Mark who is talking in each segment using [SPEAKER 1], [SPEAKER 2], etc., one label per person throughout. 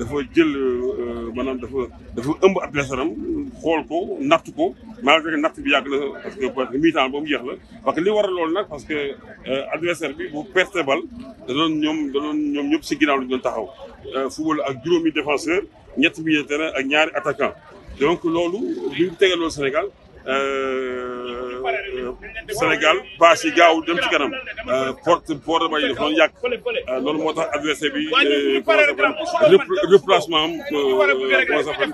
[SPEAKER 1] dafa jël euh, maanaam dafa dafa ëmb ab lesaram xool ko natt ko malgré nat bi yàgg la parce que parce que mi-temps boobu jeex la parce que li waral lool na parce que euh, adversaire bi bu perte bal da doon ñoom da ñoom ñëpp si ginnaaw la ñu doon taxaw euh, football ak juróomi défenseur ñett milieu terrain ak ñaari attaquant donc loolu li ñu tegaloo Sénégal Sénégal paas yi gaaw dem ci kanam euh, porte porte ba yi daf doon yàq euh, loolu moo tax adversaire bi euh, replacement am comment ça s'appelle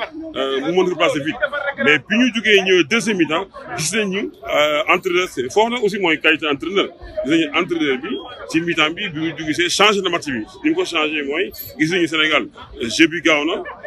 [SPEAKER 1] mu mën replacer vite mais bi ñu jógee ñëwee deuxième mi-temps gis nañ ñu entraîneur c'est foofu na aussi mooy qualité entraîneur gis nañu entraîneur bi ci mi bi bi ñu jógisee changé na match bi ni mu ko changé mooy gis nañu Sénégal jeu bi gaaw na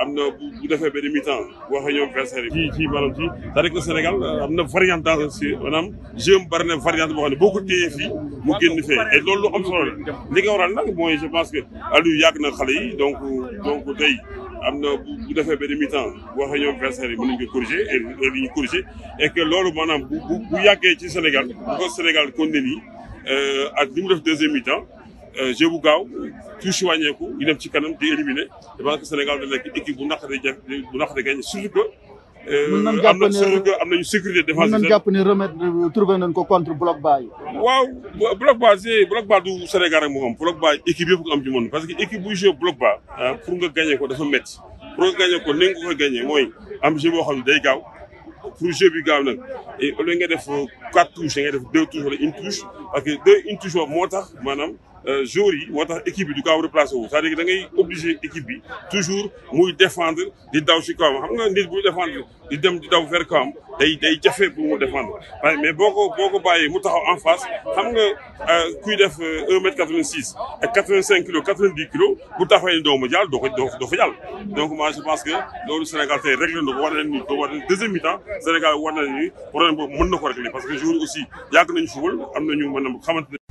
[SPEAKER 1] am na bu bu defee benn mi-temps boo xam ne ñoom versaire ci ci maanaam ci cest à que Sénégal euh, am na variante dans si maanaam jeu bari na variante boo xam ne boo ko téyee fii mu génn fee et loolu lu am solo la li nga waral nag mooy je pense que Aliou yàgg na xale yi donc donc tey am na bu bu defee benn mi-temps boo xam ne ñoom versaire yi mën nañu corriger et li ñu corriger et que loolu maanaam bu bu bu yàggee ci Sénégal bu ko Sénégal continuer nii euh, ak li mu def deuxième mi-temps Euh, jeu bu gaaw touche wàññeeku ñu dem ci kanam di éliminer je que Sénégal da nekk équipe bu naqaree ja bu naqaree gagné surtout que. mën nañu euh, jàpp am na surtout nañu sécurité défense. mën nañu jàpp ne euh, ko contre bloc bas yi. waaw bloc bas c'est bloc bas du Sénégal rek moo am que équipe buy joué bloc bas. Ah, pour ko dafa métti pour nga ko ni nga ko mooy am boo xam ne day gaaw. bi gaaw nag et nga def quatre touches da ngay def deux moo tax maanaam. jury ou ta équipe du cadre placé c'est veut dire que tu es obligé équipe toujours muy défendre di daw ci kaw xam nga nit buy défendre di dem di daw vers kaw day jafé pour mu défendre mais boko boko bayé mu taxaw en face xam nga euh, kuy def 1 m et 85 kg 90 kg bu taxé ni doomu jall do ko do fa jall donc moi je pense que lolu sénégal tay régler ndo war ni deuxième mi-temps sénégal war na ni problème mën na ko régler parce que jour aussi yak nañ foul am nañu mën na xamanteni